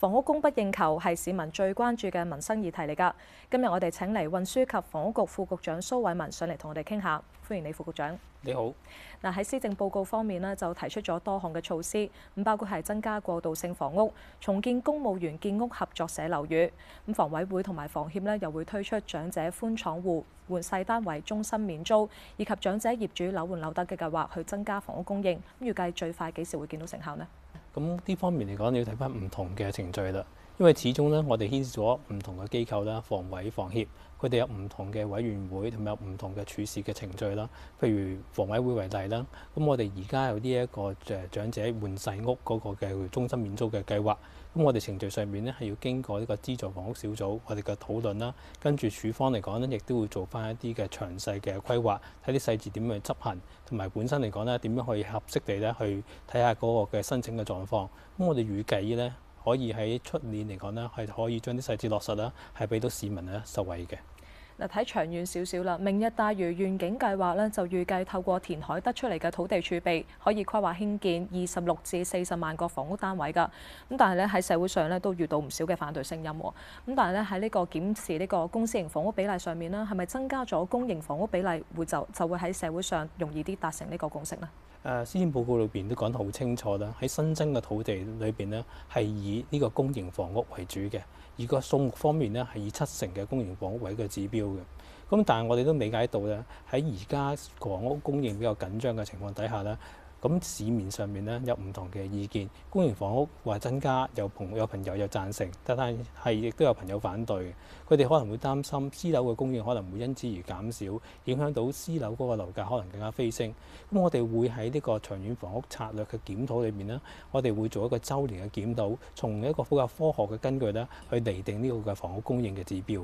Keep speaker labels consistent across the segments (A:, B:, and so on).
A: 房屋供不應求係市民最關注嘅民生議題嚟㗎。今日我哋請嚟運輸及房屋局副局長蘇偉文上嚟同我哋傾下。歡迎你，副局長。你好。嗱，喺施政報告方面就提出咗多項嘅措施，咁包括係增加過渡性房屋、重建公務員建屋合作社樓宇，咁房委會同埋房協又會推出長者寬敞戶換細單位、終身免租，以及長者業主樓換樓等嘅計劃去增加房屋供應。預計最快幾時會見到成效呢？
B: 咁呢方面嚟講，你要睇返唔同嘅程序啦。因為始終咧，我哋牽涉咗唔同嘅機構啦，房委、房協，佢哋有唔同嘅委員會，同埋有唔同嘅處事嘅程序啦。譬如房委會為例啦，咁我哋而家有呢一個誒長者換細屋嗰個嘅終身免租嘅計劃。咁我哋程序上面咧係要經過呢個資助房屋小組我哋嘅討論啦，跟住署方嚟講咧，亦都會做翻一啲嘅詳細嘅規劃，睇啲細節點樣去執行，同埋本身嚟講咧，點樣去合適地咧去睇下嗰個嘅申請嘅狀況，咁我哋預計咧，可以喺出年嚟講咧，係可以將啲細節落實啦，係俾到市民咧受惠嘅。
A: 嗱，睇長遠少少啦。明日大嶼願景計劃呢，就預計透過填海得出嚟嘅土地儲備，可以規劃興建二十六至四十萬個房屋單位㗎。咁但係咧，喺社會上呢，都遇到唔少嘅反對聲音。咁但係咧，喺呢個檢視呢個公私營房屋比例上面呢，係咪增加咗公營房屋比例會就就會喺社會上容易啲達成呢個共識咧？
B: 誒、呃，施政報告裏邊都講得好清楚啦。喺新增嘅土地裏邊呢，係以呢個公營房屋為主嘅。而個數目方面呢，係以七成嘅公營房屋位嘅指標。咁但係我哋都理解到咧，喺而家房屋供應比較緊張嘅情況底下咧，咁市面上面咧有唔同嘅意見，公營房屋話增加，有朋友有朋友又贊成，但係亦都有朋友反對，佢哋可能會擔心私樓嘅供應可能會因此而減少，影響到私樓嗰個樓價可能更加飛升。咁我哋會喺呢個長遠房屋策略嘅檢討裏面咧，我哋會做一個周年嘅檢討，從一個比較科學嘅根據咧去釐定呢個嘅房屋供應嘅指標。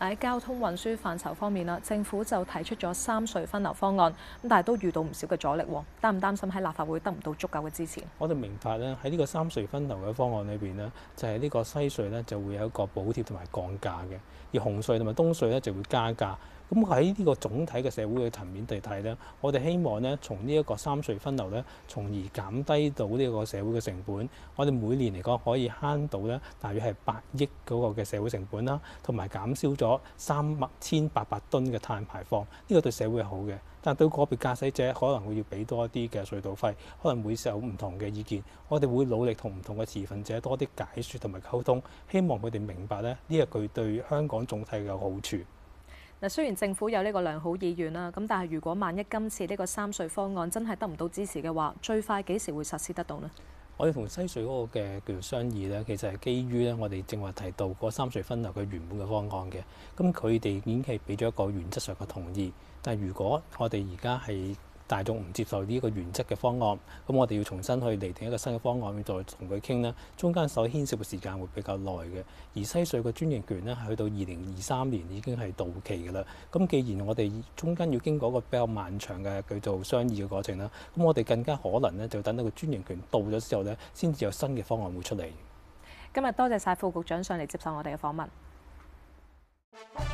A: 喺交通運輸範疇方面啦，政府就提出咗三隧分流方案，咁但係都遇到唔少嘅阻力，擔唔擔心喺立法會得唔到足夠嘅支持？
B: 我哋明白咧，喺呢個三隧分流嘅方案裏邊咧，就係呢個西隧咧就會有一個補貼同埋降價嘅，而紅隧同埋東隧咧就會加價。咁喺呢個總體嘅社會嘅層面嚟睇呢，我哋希望呢，從呢一個三隧分流呢，從而減低到呢個社會嘅成本。我哋每年嚟講可以慳到呢，大約係百億嗰個嘅社會成本啦，同埋減少咗三千八百噸嘅碳排放。呢個對社會好嘅，但對個別駕駛者可能會要俾多一啲嘅隧道費，可能會有唔同嘅意見。我哋會努力同唔同嘅持份者多啲解説同埋溝通，希望佢哋明白呢，呢一句對香港總體嘅好處。
A: 嗱，雖然政府有呢個良好意願啦，咁但係如果萬一今次呢個三隧方案真係得唔到支持嘅話，最快幾時會實施得到呢？
B: 我哋同西隧嗰個嘅條商議呢，其實係基於咧我哋正話提到嗰三隧分流嘅原本嘅方案嘅，咁佢哋已經係俾咗一個原則上嘅同意，但係如果我哋而家係大眾唔接受呢個原則嘅方案，咁我哋要重新去釐定一個新嘅方案，再同佢傾啦。中間所牽涉嘅時間會比較耐嘅。而西隧個專營權咧，去到二零二三年已經係到期嘅啦。咁既然我哋中間要經過一個比較漫長嘅佢做商議嘅過程啦，咁我哋更加可能呢，就等到個專營權到咗之後呢，先至有新嘅方案會出嚟。
A: 今日多謝晒副局長上嚟接受我哋嘅訪問。